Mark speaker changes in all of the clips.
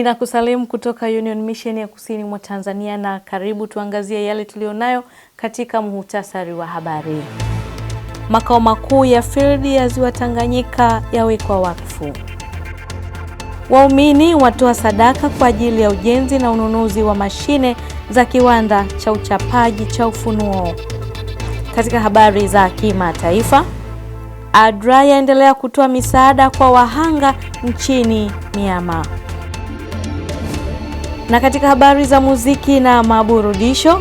Speaker 1: Ninakusalimu kutoka Union Mission ya Kusini mwa Tanzania na karibu tuangazie yale tuliyonayo katika muhtasari wa habari. Makao makuu ya Field ya Ziwa Tanganyika yawekwa wakfu. Waumini watoa sadaka kwa ajili ya ujenzi na ununuzi wa mashine za kiwanda cha uchapaji cha Ufunuo. Katika habari za kimataifa, ADRA yaendelea kutoa misaada kwa wahanga nchini Myanmar. Na katika habari za muziki na maburudisho,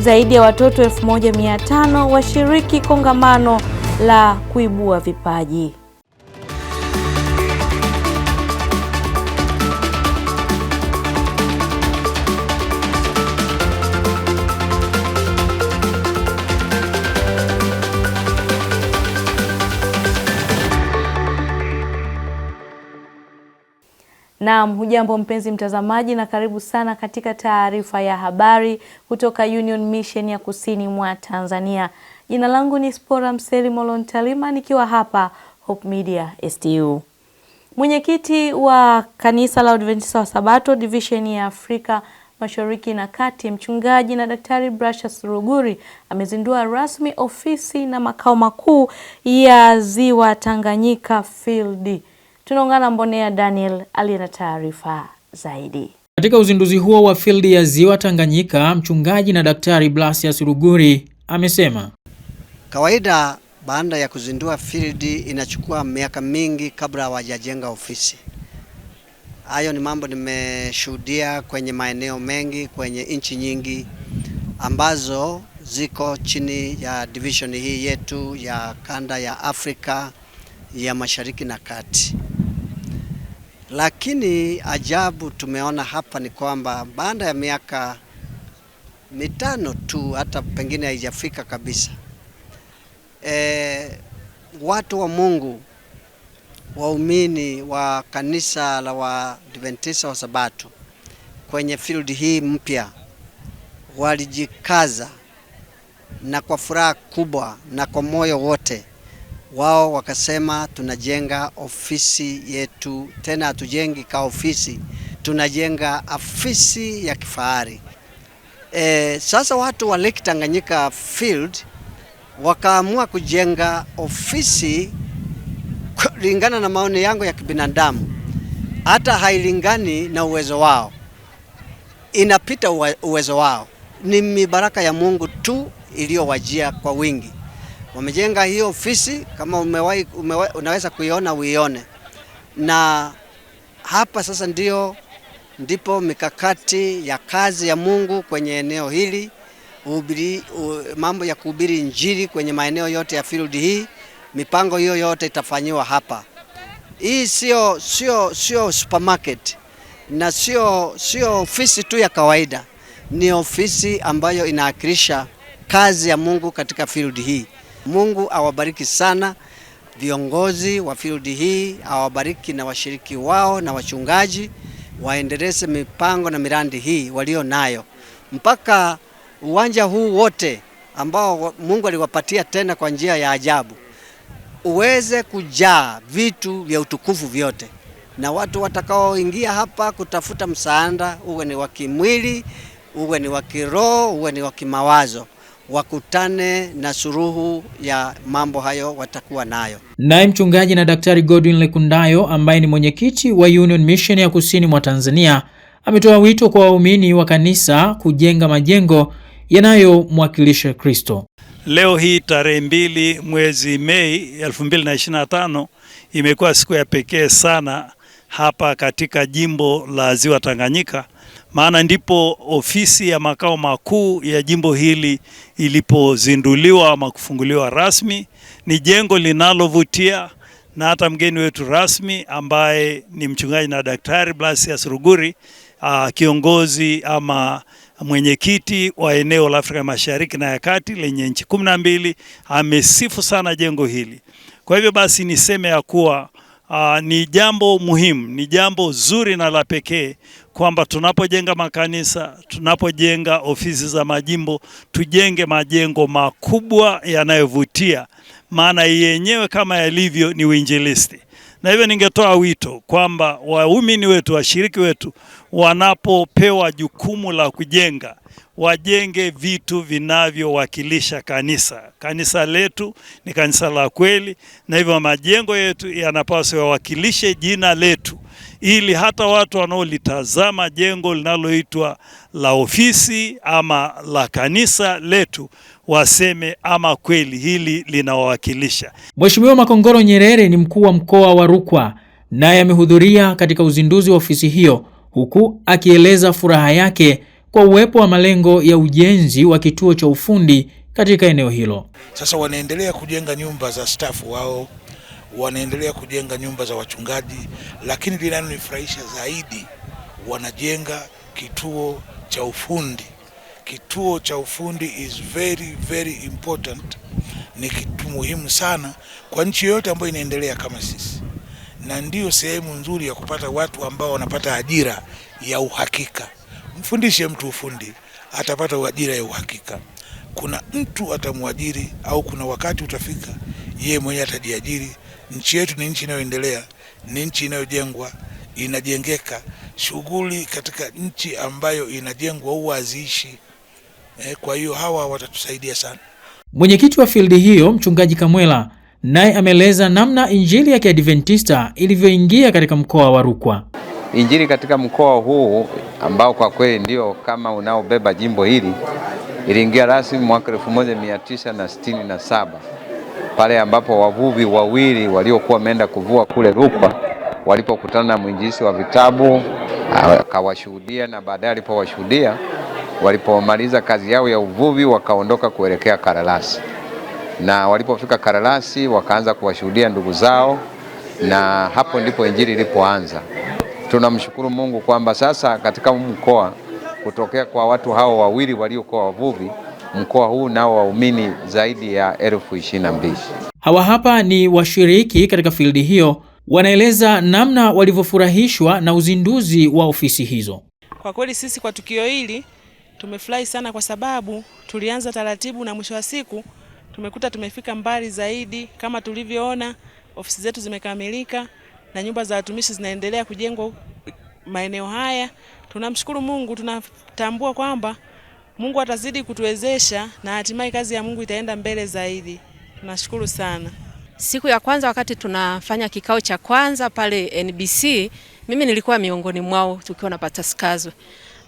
Speaker 1: zaidi ya watoto 1500 washiriki kongamano la kuibua vipaji. Naam, hujambo mpenzi mtazamaji na karibu sana katika taarifa ya habari kutoka Union Mission ya Kusini mwa Tanzania. Jina langu ni Spora Mseli Molontalima nikiwa hapa Hope Media STU. Mwenyekiti wa Kanisa la Waadventista wa Sabato Division ya Afrika Mashariki na Kati, mchungaji na daktari Brashias Ruguri amezindua rasmi ofisi na makao makuu ya Ziwa Tanganyika Field Tunaungana Mbonea Daniel aliye na taarifa zaidi. Katika uzinduzi huo wa fildi ya Ziwa Tanganyika, mchungaji na daktari Blasius Ruguri amesema
Speaker 2: kawaida baada ya kuzindua fildi inachukua miaka mingi kabla hawajajenga ofisi. Hayo ni mambo nimeshuhudia kwenye maeneo mengi kwenye nchi nyingi ambazo ziko chini ya division hii yetu ya kanda ya Afrika ya Mashariki na Kati. Lakini ajabu tumeona hapa ni kwamba baada ya miaka mitano tu hata pengine haijafika kabisa, e, watu wa Mungu waumini wa kanisa la Waadventista wa Sabato kwenye field hii mpya walijikaza na kwa furaha kubwa na kwa moyo wote wao wakasema tunajenga ofisi yetu, tena hatujengi ka ofisi, tunajenga afisi ya kifahari. E, sasa watu wa Lake Tanganyika Field wakaamua kujenga ofisi kulingana na maoni yangu ya kibinadamu, hata hailingani na uwezo wao, inapita uwezo wao. Ni mibaraka ya Mungu tu iliyowajia kwa wingi. Wamejenga hiyo ofisi kama umewahi, umewahi, unaweza kuiona uione. Na hapa sasa ndio ndipo mikakati ya kazi ya Mungu kwenye eneo hili ubiri, u, mambo ya kuhubiri Injili kwenye maeneo yote ya field hii, mipango hiyo yote itafanyiwa hapa. Hii sio sio sio supermarket na sio sio ofisi tu ya kawaida, ni ofisi ambayo inaakilisha kazi ya Mungu katika field hii. Mungu awabariki sana viongozi wa field hii, awabariki na washiriki wao na wachungaji, waendeleze mipango na miradi hii walio nayo mpaka uwanja huu wote ambao Mungu aliwapatia tena kwa njia ya ajabu uweze kujaa vitu vya utukufu vyote, na watu watakaoingia hapa kutafuta msaada, uwe ni wa kimwili, uwe ni wa kiroho, uwe ni wa kimawazo wakutane na suruhu ya mambo hayo watakuwa nayo.
Speaker 1: Naye mchungaji na daktari Godwin Lekundayo ambaye ni mwenyekiti wa Union Mission ya Kusini mwa Tanzania ametoa wito kwa waumini wa kanisa kujenga majengo yanayomwakilisha Kristo.
Speaker 3: Leo hii tarehe mbili mwezi Mei 2025 imekuwa siku ya pekee sana hapa katika jimbo la Ziwa Tanganyika maana ndipo ofisi ya makao makuu ya jimbo hili ilipozinduliwa ama kufunguliwa rasmi. Ni jengo linalovutia na hata mgeni wetu rasmi ambaye ni mchungaji na daktari Blasius Ruguri, ah, kiongozi ama mwenyekiti wa eneo la Afrika Mashariki na ya Kati lenye nchi kumi na mbili, amesifu sana jengo hili. Kwa hivyo basi niseme ya kuwa Aa, ah, ni jambo muhimu, ni jambo zuri na la pekee kwamba tunapojenga makanisa, tunapojenga ofisi za majimbo, tujenge majengo makubwa yanayovutia, maana yenyewe kama yalivyo ni uinjilisti. Na hivyo ningetoa wito kwamba waumini wetu, washiriki wetu wanapopewa jukumu la kujenga wajenge vitu vinavyowakilisha kanisa. Kanisa letu ni kanisa la kweli, na hivyo majengo yetu yanapaswa yawakilishe jina letu, ili hata watu wanaolitazama jengo linaloitwa la ofisi ama la kanisa letu waseme ama kweli hili linawawakilisha.
Speaker 1: Mheshimiwa Makongoro Nyerere ni mkuu wa mkoa wa Rukwa, naye amehudhuria katika uzinduzi wa ofisi hiyo huku akieleza furaha yake kwa uwepo wa malengo ya ujenzi wa kituo cha ufundi katika eneo hilo.
Speaker 4: Sasa wanaendelea kujenga nyumba za stafu wao, wanaendelea kujenga nyumba za wachungaji, lakini linalonifurahisha zaidi wanajenga kituo cha ufundi. Kituo cha ufundi is very very important, ni kitu muhimu sana kwa nchi yoyote ambayo inaendelea kama sisi na ndiyo sehemu nzuri ya kupata watu ambao wanapata ajira ya uhakika. Mfundishe mtu ufundi, atapata ajira ya uhakika. Kuna mtu atamwajiri, au kuna wakati utafika yeye mwenyewe atajiajiri. Nchi yetu ni nchi inayoendelea, ni nchi inayojengwa, inajengeka. Shughuli katika nchi ambayo inajengwa huwa haziishi. E, kwa hiyo hawa watatusaidia sana.
Speaker 1: Mwenyekiti wa fildi hiyo Mchungaji Kamwela naye ameeleza namna injili ya Kiadventista ilivyoingia katika mkoa wa Rukwa.
Speaker 5: Injili katika mkoa huu ambao kwa kweli ndio kama unaobeba jimbo hili iliingia rasmi mwaka 1967 pale ambapo wavuvi wawili waliokuwa wameenda kuvua kule Rukwa walipokutana na mwinjilisi wa vitabu akawashuhudia, na baadaye alipowashuhudia, walipomaliza kazi yao ya uvuvi wakaondoka kuelekea Karalasi na walipofika Karalasi wakaanza kuwashuhudia ndugu zao, na hapo ndipo injili ilipoanza. Tunamshukuru Mungu kwamba sasa katika mkoa kutokea kwa watu hao wawili waliokuwa wavuvi, mkoa huu nao waumini zaidi ya elfu ishirini na mbili.
Speaker 1: Hawa hapa ni washiriki katika fildi hiyo, wanaeleza namna walivyofurahishwa na uzinduzi wa ofisi hizo.
Speaker 6: Kwa kweli sisi kwa tukio hili tumefurahi sana, kwa sababu tulianza taratibu na mwisho wa siku tumekuta tumefika mbali zaidi kama tulivyoona, ofisi zetu zimekamilika na nyumba za watumishi zinaendelea kujengwa maeneo haya. Tunamshukuru Mungu, tunatambua kwamba Mungu atazidi kutuwezesha na hatimaye kazi ya Mungu itaenda mbele zaidi. Tunashukuru sana.
Speaker 7: Siku ya kwanza wakati tunafanya kikao cha kwanza pale NBC, mimi nilikuwa miongoni mwao tukiwa na pataskazwe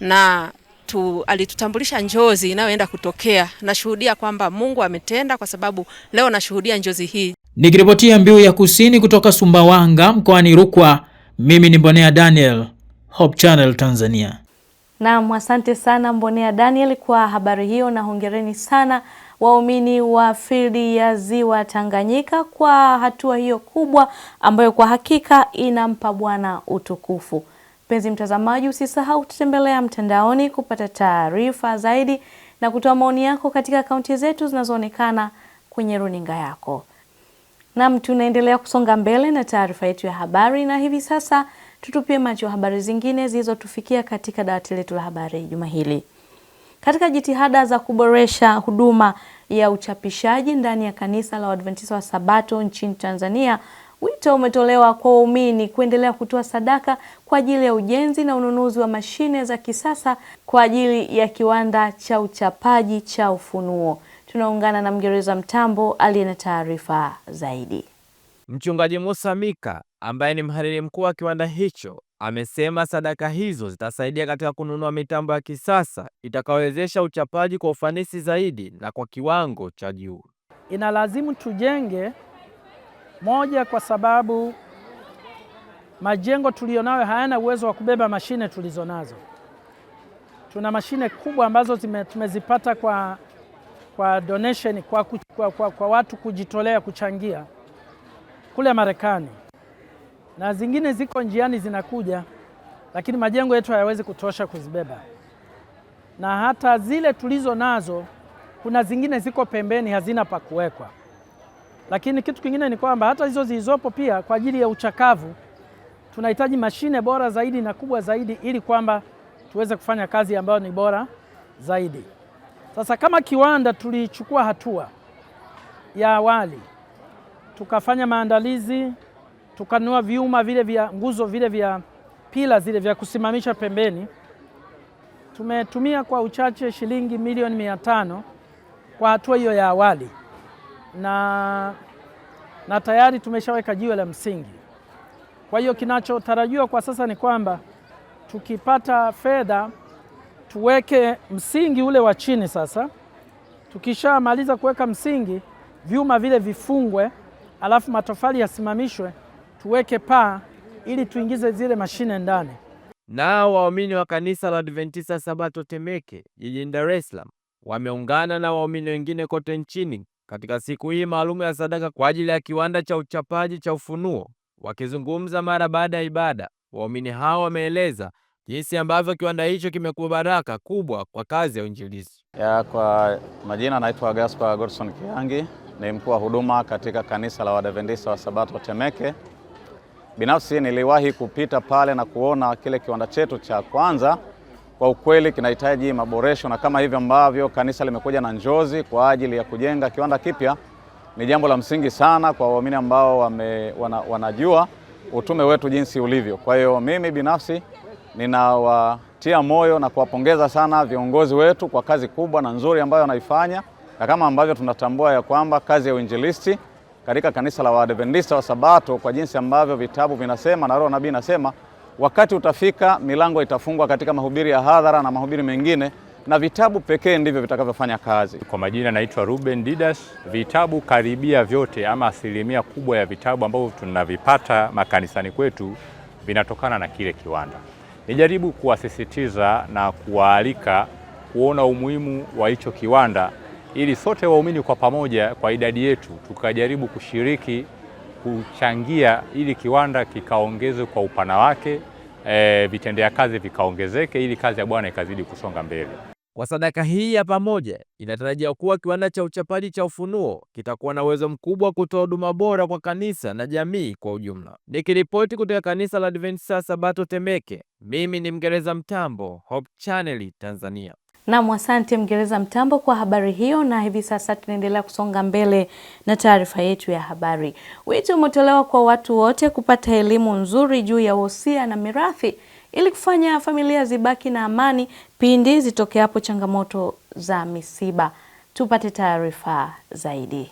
Speaker 7: na alitu, alitutambulisha njozi inayoenda kutokea. Nashuhudia kwamba Mungu ametenda kwa sababu leo nashuhudia njozi hii.
Speaker 1: Nikiripotia Mbiu ya Kusini kutoka Sumbawanga mkoani Rukwa, mimi ni Mbonea Daniel, Hope Channel Tanzania.
Speaker 8: Naam, asante sana Mbonea Daniel kwa habari hiyo na hongereni sana waumini wa fildi ya Ziwa Tanganyika kwa hatua hiyo kubwa ambayo kwa hakika inampa Bwana utukufu. Mpenzi mtazamaji, usisahau kututembelea mtandaoni kupata taarifa zaidi na kutoa maoni yako katika akaunti zetu zinazoonekana kwenye runinga yako. Nam, tunaendelea kusonga mbele na taarifa yetu ya habari, na hivi sasa tutupie macho habari zingine zilizotufikia katika dawati letu la habari juma hili. Katika jitihada za kuboresha huduma ya uchapishaji ndani ya Kanisa la Waadventista wa Sabato nchini Tanzania, Wito umetolewa kwa waumini kuendelea kutoa sadaka kwa ajili ya ujenzi na ununuzi wa mashine za kisasa kwa ajili ya kiwanda cha uchapaji cha Ufunuo. Tunaungana na Mgereza Mtambo aliye na taarifa zaidi.
Speaker 9: Mchungaji Musa Mika ambaye ni mhariri mkuu wa kiwanda hicho amesema sadaka hizo zitasaidia katika kununua mitambo ya kisasa itakayowezesha uchapaji kwa ufanisi zaidi na kwa kiwango cha juu.
Speaker 10: Inalazimu tujenge moja, kwa sababu majengo tuliyonayo hayana uwezo wa kubeba mashine tulizonazo. Tuna mashine kubwa ambazo tumezipata kwa, kwa donation kwa, kwa, kwa, kwa watu kujitolea kuchangia kule Marekani na zingine ziko njiani zinakuja, lakini majengo yetu hayawezi kutosha kuzibeba, na hata zile tulizo nazo kuna zingine ziko pembeni hazina pa kuwekwa. Lakini kitu kingine ni kwamba hata hizo zilizopo pia kwa ajili ya uchakavu tunahitaji mashine bora zaidi na kubwa zaidi ili kwamba tuweze kufanya kazi ambayo ni bora zaidi. Sasa kama kiwanda tulichukua hatua ya awali tukafanya maandalizi, tukanua vyuma vile vya nguzo vile vya pila zile vya kusimamisha pembeni. Tumetumia kwa uchache shilingi milioni mia tano kwa hatua hiyo ya awali na, na tayari tumeshaweka jiwe la msingi. Kwa hiyo kinachotarajiwa kwa sasa ni kwamba tukipata fedha tuweke msingi ule wa chini. Sasa tukishamaliza kuweka msingi, vyuma vile vifungwe, alafu matofali yasimamishwe, tuweke paa ili tuingize zile mashine ndani.
Speaker 9: Nao waumini wa kanisa la Adventista Sabato Temeke jijini Dar es Salaam wameungana na waumini wengine kote nchini katika siku hii maalumu ya sadaka kwa ajili ya kiwanda cha uchapaji cha Ufunuo. Wakizungumza mara baada ya ibada, waumini hao wameeleza jinsi ambavyo kiwanda hicho kimekuwa baraka kubwa kwa kazi ya uinjilizi.
Speaker 11: Ya kwa majina naitwa Gaspar Godson Kiangi, ni mkuu wa huduma katika kanisa la wadavendisa wa Sabato Temeke. Binafsi niliwahi kupita pale na kuona kile kiwanda chetu cha kwanza kwa ukweli kinahitaji maboresho, na kama hivyo ambavyo kanisa limekuja na Njozi kwa ajili ya kujenga kiwanda kipya ni jambo la msingi sana kwa waumini ambao wame, wana, wanajua utume wetu jinsi ulivyo. Kwa hiyo mimi binafsi ninawatia moyo na kuwapongeza sana viongozi wetu kwa kazi kubwa na nzuri ambayo wanaifanya, na kama ambavyo tunatambua ya kwamba kazi ya uinjilisti katika kanisa la Waadventista wa Sabato kwa jinsi ambavyo vitabu vinasema na roho nabii inasema Wakati utafika, milango itafungwa katika mahubiri ya hadhara na mahubiri mengine, na vitabu pekee ndivyo vitakavyofanya kazi.
Speaker 9: Kwa majina, naitwa Ruben Didas. Vitabu karibia vyote ama asilimia kubwa ya vitabu ambavyo tunavipata makanisani kwetu vinatokana na kile kiwanda. Nijaribu kuwasisitiza na kuwaalika kuona umuhimu wa hicho kiwanda ili sote waumini kwa pamoja, kwa idadi yetu, tukajaribu kushiriki kuchangia ili kiwanda kikaongezwe kwa upana wake, e, vitendea kazi vikaongezeke ili kazi ya bwana ikazidi kusonga mbele. Kwa sadaka hii ya pamoja, inatarajiwa kuwa kiwanda cha uchapaji cha Ufunuo kitakuwa na uwezo mkubwa wa kutoa huduma bora kwa kanisa na jamii kwa ujumla. Nikiripoti kutoka kanisa la Adventista Sabato Temeke, mimi ni mgereza Mtambo, Hope Channel Tanzania.
Speaker 8: Nam, asante Mgereza Mtambo kwa habari hiyo. Na hivi sasa tunaendelea kusonga mbele na taarifa yetu ya habari. Wito umetolewa kwa watu wote kupata elimu nzuri juu ya wosia na mirathi ili kufanya familia zibaki na amani pindi zitokeapo changamoto za misiba. Tupate taarifa zaidi.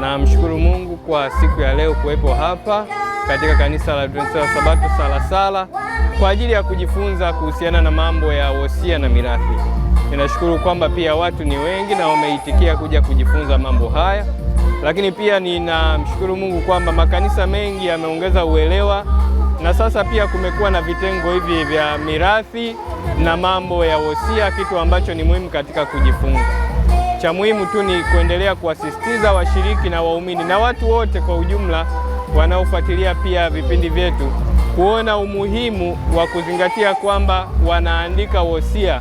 Speaker 12: Namshukuru Mungu kwa siku ya leo kuwepo hapa katika kanisa la Adventista wa Sabato Salasala kwa ajili ya kujifunza kuhusiana na mambo ya wosia na mirathi. Ninashukuru kwamba pia watu ni wengi na wameitikia kuja kujifunza mambo haya, lakini pia ninamshukuru Mungu kwamba makanisa mengi yameongeza uelewa na sasa pia kumekuwa na vitengo hivi vya mirathi na mambo ya wosia, kitu ambacho ni muhimu katika kujifunza. Cha muhimu tu ni kuendelea kuwasisitiza washiriki na waumini na watu wote kwa ujumla wanaofuatilia pia vipindi vyetu kuona umuhimu wa kuzingatia kwamba wanaandika wosia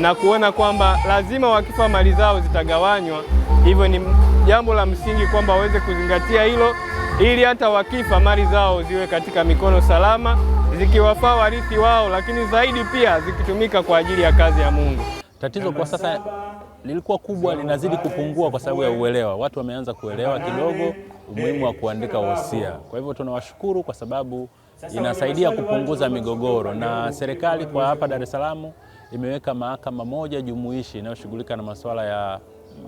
Speaker 12: na kuona kwamba lazima wakifa mali zao zitagawanywa. Hivyo ni jambo la msingi kwamba waweze kuzingatia hilo, ili hata wakifa mali zao ziwe katika mikono salama, zikiwafaa warithi wao, lakini zaidi pia zikitumika kwa ajili ya kazi ya Mungu.
Speaker 9: Tatizo kwa sasa lilikuwa kubwa, linazidi kupungua kwa sababu ya uelewa. Watu wameanza kuelewa kidogo umuhimu wa kuandika wosia. Kwa hivyo tunawashukuru kwa sababu inasaidia kupunguza migogoro, na serikali kwa hapa Dar es Salaam imeweka mahakama moja jumuishi inayoshughulika na masuala ya,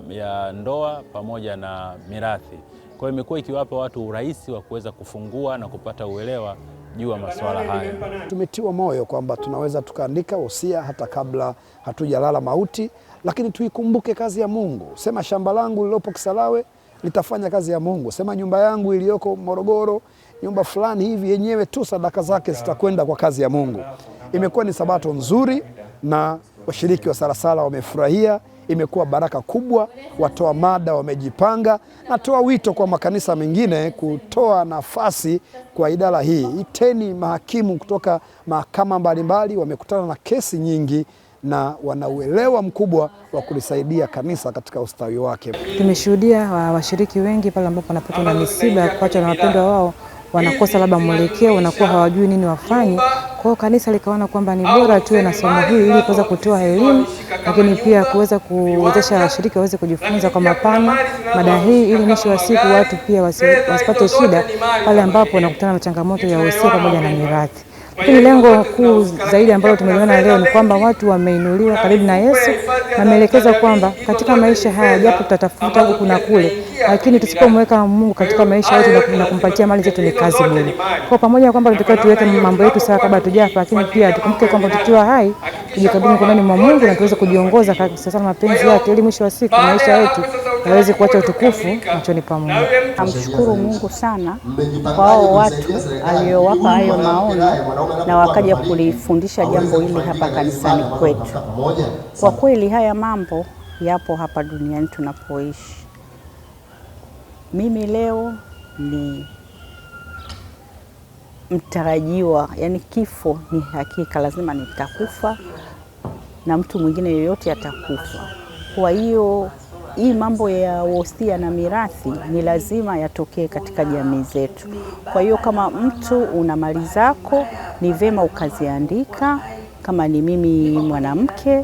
Speaker 9: ya ndoa pamoja na mirathi. Kwa hiyo imekuwa ikiwapa watu urahisi wa kuweza kufungua na kupata uelewa juu ya masuala haya.
Speaker 13: Tumetiwa moyo kwamba tunaweza tukaandika wosia hata kabla hatujalala mauti, lakini tuikumbuke kazi ya Mungu. Sema shamba langu lililopo Kisarawe litafanya kazi ya Mungu, sema nyumba yangu iliyoko Morogoro, nyumba fulani hivi yenyewe tu sadaka zake zitakwenda kwa kazi ya Mungu. Imekuwa ni sabato nzuri na washiriki wa Salasala wamefurahia, imekuwa baraka kubwa. Watoa mada wamejipanga. Natoa wito kwa makanisa mengine kutoa nafasi kwa idara hii. Iteni mahakimu kutoka mahakama mbalimbali, wamekutana na kesi nyingi na wanauelewa mkubwa wa kulisaidia kanisa katika ustawi wake.
Speaker 8: Tumeshuhudia washiriki wengi pale ambapo wanapatwa na misiba ya kuachwa na wapendwa wao wanakosa labda mwelekeo, wanakuwa hawajui nini wafanye. Kwa hiyo kanisa likaona kwamba ni bora tuwe na somo hili ili kuweza kutoa elimu, lakini pia kuweza kuwezesha washiriki waweze kujifunza kwa mapana mada hii, ili mwisho wa siku watu pia wasipate shida pale ambapo wanakutana na changamoto ya wosia pamoja na mirathi. Lakini lengo kuu zaidi ambalo tumeliona leo ni kwamba watu wameinuliwa karibu na Yesu, na ameelekeza kwamba katika maisha haya, japo tutatafuta huku na kule, lakini tusipomweka Mungu katika maisha yetu na kumpatia mali zetu ni kazi bure. Kwa pamoja na kwamba tunatakiwa tuweke mambo yetu sawa kabla tujafa, lakini pia tukumbuke kwamba tukiwa hai tujikabidhi mikononi mwa Mungu na tuweze kujiongoza katika mapenzi yake, ili mwisho wa siku maisha yetu yaweze kuacha utukufu machoni pa Mungu.
Speaker 14: Namshukuru Mungu sana kwa hao watu aliyowapa hayo maono na wakaja kulifundisha jambo hili hapa kanisani kwetu. Kwa kweli haya mambo yapo hapa duniani tunapoishi. Mimi leo ni mtarajiwa, yani kifo ni hakika, lazima nitakufa na mtu mwingine yoyote atakufa. Kwa hiyo hii mambo ya wosia na mirathi ni lazima yatokee katika jamii zetu. Kwa hiyo kama mtu una mali zako ni vema ukaziandika. Kama ni mimi mwanamke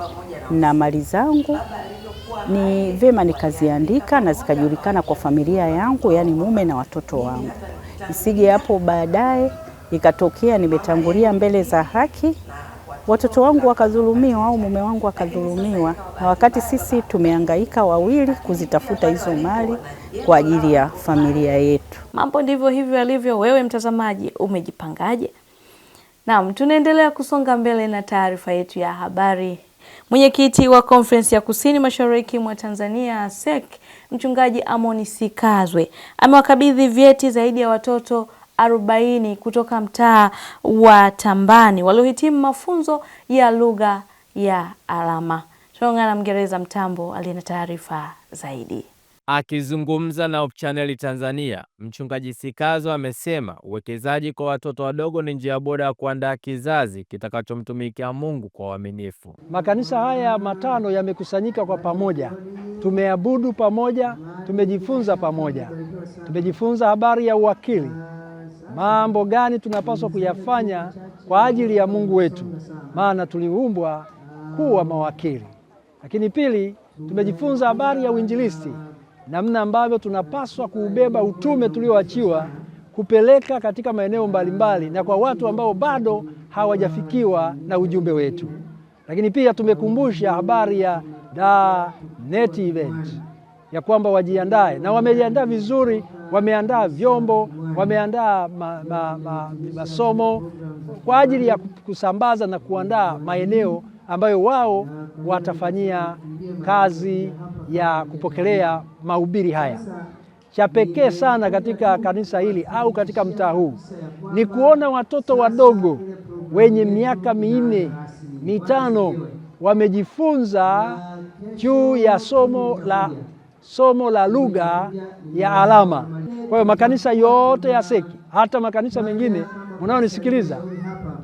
Speaker 14: na mali zangu, ni vema nikaziandika na zikajulikana kwa familia yangu, yaani mume na watoto wangu, isije hapo baadaye ikatokea nimetangulia mbele za haki, watoto wangu wakadhulumiwa au mume wangu akadhulumiwa, na wakati sisi tumehangaika wawili kuzitafuta hizo mali kwa ajili ya familia yetu.
Speaker 8: Mambo ndivyo hivyo yalivyo. Wewe mtazamaji, umejipangaje? Naam, tunaendelea kusonga mbele na taarifa yetu ya habari. Mwenyekiti wa Konferensi ya Kusini Mashariki mwa Tanzania SEC, Mchungaji Amoni Sikazwe amewakabidhi vyeti zaidi ya watoto arobaini kutoka mtaa wa Tambani waliohitimu mafunzo ya lugha ya alama. Tunaungana na Mgereza Mtambo aliye na taarifa zaidi.
Speaker 9: Akizungumza na Hope Channel Tanzania, Mchungaji Sikazo amesema uwekezaji kwa watoto wadogo ni njia bora ya kuandaa kizazi kitakachomtumikia Mungu kwa uaminifu.
Speaker 10: Makanisa haya matano yamekusanyika kwa pamoja, tumeabudu pamoja, tumejifunza pamoja, tumejifunza habari ya uwakili, mambo gani tunapaswa kuyafanya kwa ajili ya Mungu wetu, maana tuliumbwa kuwa mawakili. Lakini pili, tumejifunza habari ya uinjilisti namna ambavyo tunapaswa kuubeba utume tulioachiwa kupeleka katika maeneo mbalimbali na kwa watu ambao bado hawajafikiwa na ujumbe wetu. Lakini pia tumekumbusha habari ya da net event ya kwamba wajiandae, na wamejiandaa vizuri, wameandaa vyombo, wameandaa masomo ma, ma, ma kwa ajili ya kusambaza na kuandaa maeneo ambayo wao watafanyia kazi ya kupokelea mahubiri haya. Cha pekee sana katika kanisa hili au katika mtaa huu ni kuona watoto wadogo wenye miaka minne mitano wamejifunza juu ya somo la somo la lugha ya alama. Kwa hiyo makanisa yote ya Seki, hata makanisa mengine mnaonisikiliza,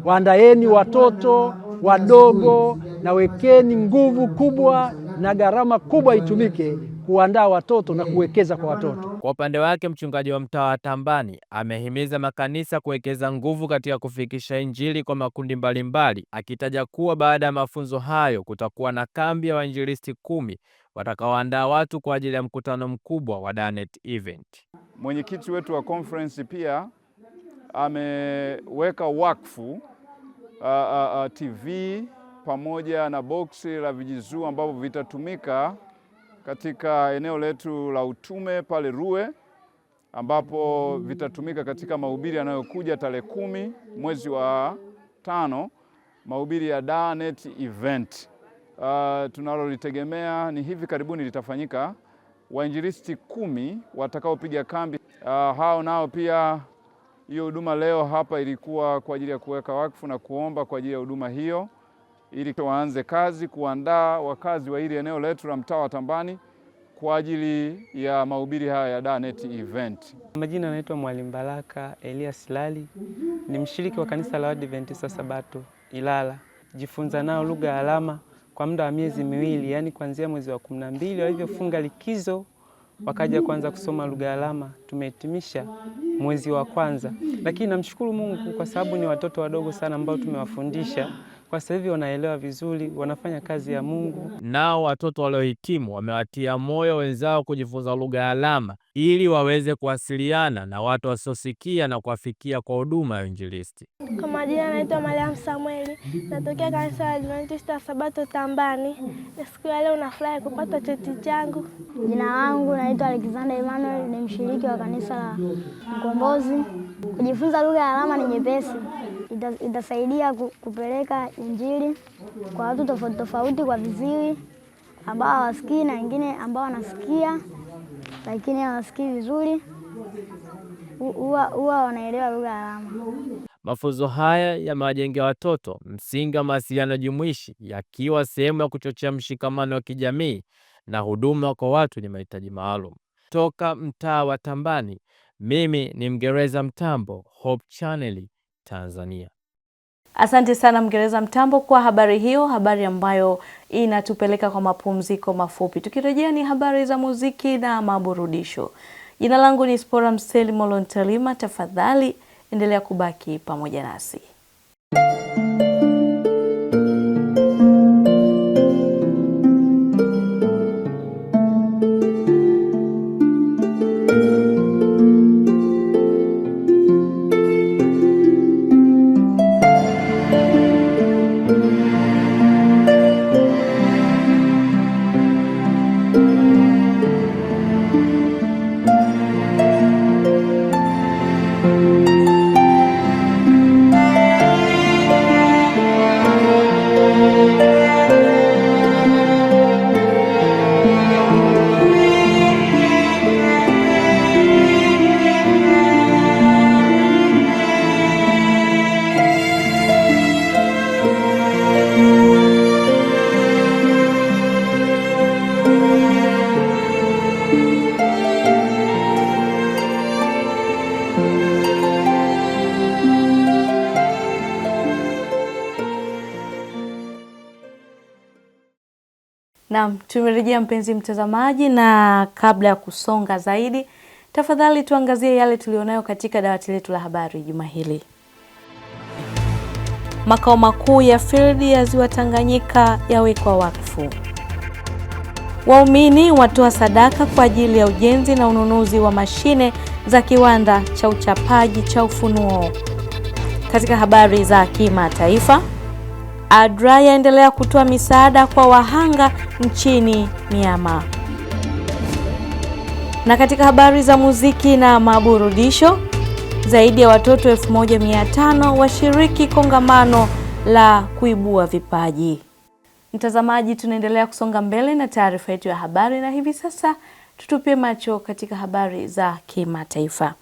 Speaker 10: waandaeni watoto wadogo na wekeni nguvu kubwa na gharama kubwa itumike kuandaa watoto na kuwekeza kwa watoto. Kwa
Speaker 9: upande wake, mchungaji wa mtaa wa Tambani amehimiza makanisa kuwekeza nguvu katika kufikisha Injili kwa makundi mbalimbali, akitaja kuwa baada ya mafunzo hayo kutakuwa na kambi ya wainjilisti kumi watakaoandaa watu kwa ajili ya mkutano mkubwa wa Danet event.
Speaker 15: Mwenyekiti wetu wa conference pia ameweka wakfu uh, uh, uh, TV pamoja na boksi la vijizuu ambavyo vitatumika katika eneo letu la utume pale rue ambapo vitatumika katika mahubiri yanayokuja tarehe kumi mwezi wa tano, mahubiri ya Danet event uh, tunalolitegemea ni hivi karibuni litafanyika. Wainjilisti kumi watakaopiga kambi uh, hao nao pia hiyo huduma leo hapa ilikuwa kwa ajili ya kuweka wakfu na kuomba kwa ajili ya huduma hiyo ili waanze kazi kuandaa wakazi wa hili eneo letu la mtaa wa Tambani kwa ajili ya mahubiri haya ya Danet event.
Speaker 16: Majina anaitwa Mwalimu Baraka Elias Lali, ni mshiriki wa kanisa la Waadventista Sabato Ilala, jifunza nao lugha ya alama kwa muda wa miezi miwili, yaani kuanzia mwezi wa kumi na mbili walivyofunga likizo wakaja kwanza kusoma lugha ya alama. Tumehitimisha mwezi wa kwanza, lakini namshukuru Mungu kwa sababu ni watoto wadogo sana ambao tumewafundisha kwa sasa hivi wanaelewa vizuri, wanafanya kazi ya Mungu.
Speaker 9: Nao watoto waliohitimu wamewatia moyo wenzao kujifunza lugha ya alama ili waweze kuwasiliana na watu wasiosikia na kuwafikia kwa huduma ya uinjilisti.
Speaker 17: Kwa majina naitwa Mariam Samueli, natokea kanisa la Adventista Sabato Tambani. Siku ya leo nafurahi kupata cheti changu.
Speaker 18: Jina langu naitwa Alexander Emmanuel, ni mshiriki wa kanisa la Mkombozi. Kujifunza lugha ya alama ni nyepesi, itasaidia kupeleka Injili kwa watu tofauti tofauti, kwa viziwi ambao hawasikii na wengine ambao wanasikia lakini hawasikii vizuri, huwa wanaelewa lugha alama.
Speaker 9: Mafunzo haya yamewajengea watoto msingi wa mawasiliano jumuishi, yakiwa sehemu ya kuchochea mshikamano wa kijamii na huduma kwa watu wenye mahitaji maalum. Toka mtaa wa Tambani, mimi ni mgereza Mtambo, Hope Channel, Tanzania.
Speaker 8: Asante sana Mngereza Mtambo kwa habari hiyo, habari ambayo inatupeleka kwa mapumziko mafupi. Tukirejea ni habari za muziki na maburudisho. Jina langu ni Spora Mseli Molontalima, tafadhali endelea kubaki pamoja nasi. thank you Tumerejea mpenzi mtazamaji, na kabla ya kusonga zaidi, tafadhali tuangazie yale tulionayo katika dawati letu la habari juma hili. Makao makuu ya fildi ya Ziwa Tanganyika yawekwa wakfu. Waumini watoa sadaka kwa ajili ya ujenzi na ununuzi wa mashine za kiwanda cha uchapaji cha Ufunuo. Katika habari za kimataifa, ADRA yaendelea kutoa misaada kwa wahanga nchini Myanmar. Na katika habari za muziki na maburudisho, zaidi ya watoto 1500 washiriki kongamano la kuibua vipaji. Mtazamaji, tunaendelea kusonga mbele na taarifa yetu ya habari, na hivi sasa tutupie macho katika habari za kimataifa.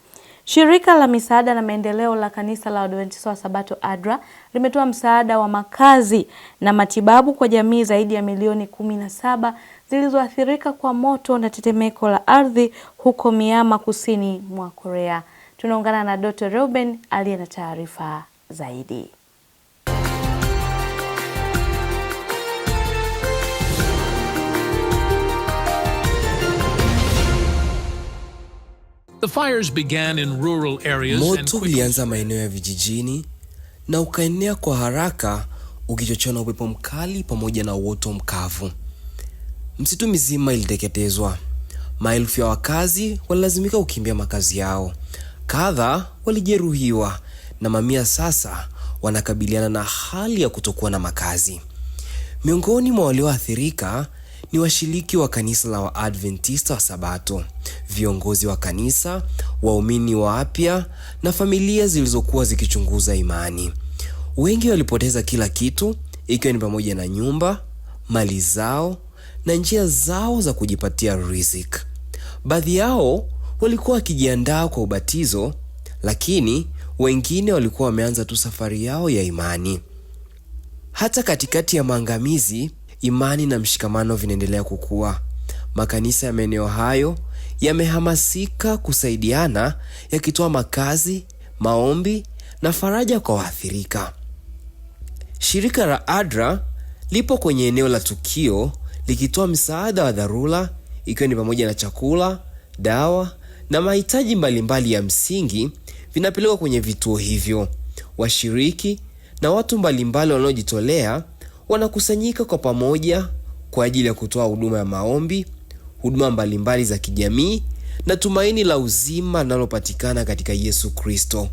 Speaker 8: Shirika la misaada na maendeleo la Kanisa la Waadventista wa Sabato adra limetoa msaada wa makazi na matibabu kwa jamii zaidi ya milioni kumi na saba zilizoathirika kwa moto na tetemeko la ardhi huko miama kusini mwa Korea. Tunaungana na Dr. Reuben aliye na taarifa zaidi.
Speaker 19: The fires began in rural areas moto ulianza maeneo ya vijijini na ukaenea kwa haraka ukichochewa na upepo mkali pamoja na uoto mkavu. Msitu mizima iliteketezwa, maelfu ya wakazi walilazimika kukimbia makazi yao, kadha walijeruhiwa na mamia sasa wanakabiliana na hali ya kutokuwa na makazi. Miongoni mwa walioathirika ni washiriki wa kanisa la Waadventista wa Sabato, viongozi wa kanisa, waumini wapya na familia zilizokuwa zikichunguza imani. Wengi walipoteza kila kitu, ikiwa ni pamoja na nyumba, mali zao na njia zao za kujipatia riziki. Baadhi yao walikuwa wakijiandaa kwa ubatizo, lakini wengine walikuwa wameanza tu safari yao ya imani. Hata katikati ya maangamizi, imani na mshikamano vinaendelea kukua. Makanisa ya maeneo hayo yamehamasika kusaidiana, yakitoa makazi, maombi na faraja kwa waathirika. Shirika la ADRA lipo kwenye eneo la tukio likitoa msaada wa dharura, ikiwa ni pamoja na chakula, dawa na mahitaji mbalimbali ya msingi vinapelekwa kwenye vituo hivyo. Washiriki na watu mbalimbali wanaojitolea wanakusanyika kwa pamoja kwa ajili ya kutoa huduma ya maombi, huduma mbalimbali za kijamii na tumaini la uzima linalopatikana katika Yesu Kristo.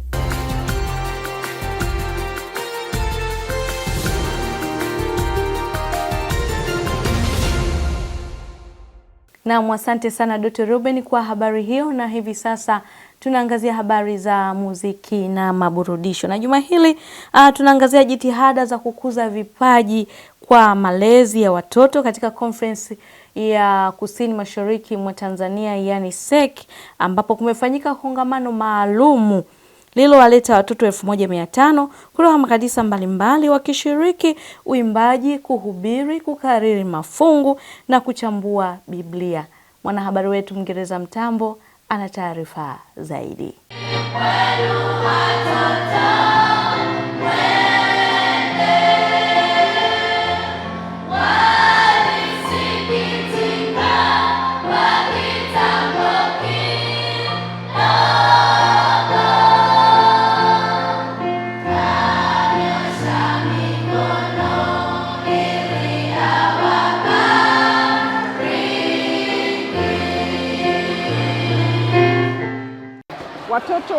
Speaker 8: Naam, asante sana Dr. Ruben kwa habari hiyo, na hivi sasa tunaangazia habari za muziki na maburudisho, na juma hili uh, tunaangazia jitihada za kukuza vipaji kwa malezi ya watoto katika conference ya kusini mashariki mwa Tanzania yani SEC, ambapo kumefanyika kongamano maalumu lilowaleta watoto elfu moja mia tano kutoka makanisa mbalimbali wakishiriki uimbaji, kuhubiri, kukariri mafungu na kuchambua Biblia. Mwanahabari wetu Mngereza Mtambo ana taarifa zaidi.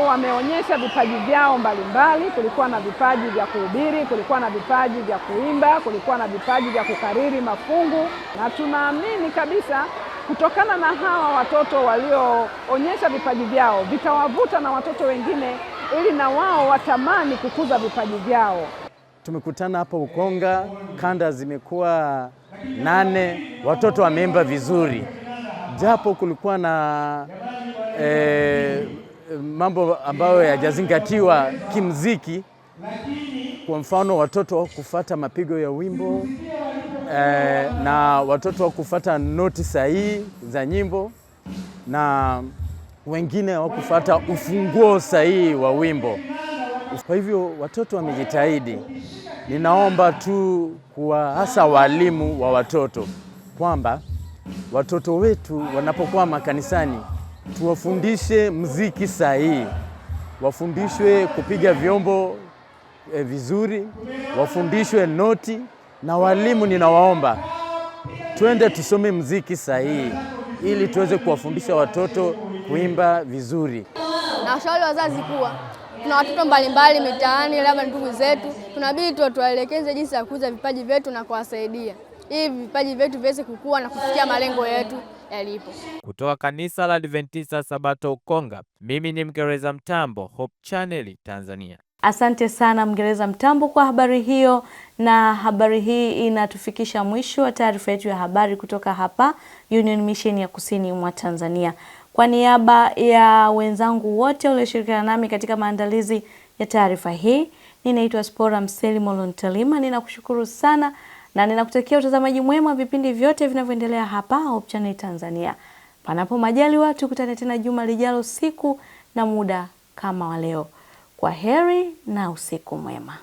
Speaker 20: wameonyesha vipaji vyao mbalimbali Kulikuwa na vipaji vya kuhubiri, kulikuwa na vipaji vya kuimba, kulikuwa na vipaji vya kukariri mafungu, na tunaamini kabisa kutokana na hawa watoto walioonyesha vipaji vyao vitawavuta na watoto wengine ili na wao watamani kukuza vipaji vyao.
Speaker 21: Tumekutana hapa Ukonga, kanda zimekuwa nane, watoto wameimba vizuri, japo kulikuwa na e, mambo ambayo yajazingatiwa kimziki, kwa mfano watoto kufata mapigo ya wimbo eh, na watoto kufata noti sahihi za nyimbo na wengine hawakufata ufunguo sahihi wa wimbo. Kwa hivyo watoto wamejitahidi. Ninaomba tu kwa hasa walimu wa watoto kwamba watoto wetu wanapokuwa makanisani tuwafundishe mziki sahihi, wafundishwe kupiga vyombo e, vizuri, wafundishwe noti, na walimu ninawaomba twende tusome mziki sahihi ili tuweze kuwafundisha watoto kuimba vizuri.
Speaker 22: Na washauri wazazi kuwa tuna watoto mbalimbali mitaani, labda ndugu zetu, tunabidi tuwaelekeze jinsi ya kukuza vipaji vyetu na kuwasaidia ili vipaji vyetu viweze kukua na kufikia malengo yetu yalipo.
Speaker 9: Kutoka kanisa la Adventista Sabato Ukonga, mimi ni mgereza Mtambo, Hope Channel Tanzania.
Speaker 8: Asante sana mgereza Mtambo kwa habari hiyo, na habari hii inatufikisha mwisho wa taarifa yetu ya habari kutoka hapa Union Mission ya Kusini mwa Tanzania. Kwa niaba ya wenzangu wote walioshirikiana nami katika maandalizi ya taarifa hii, ninaitwa Spora Mseli Molontalima, ninakushukuru sana na ninakutakia utazamaji mwema vipindi vyote vinavyoendelea hapa Hope Channel Tanzania. Panapo majaliwa tukutane tena juma lijalo, siku na muda kama wa leo. Kwa heri na usiku mwema.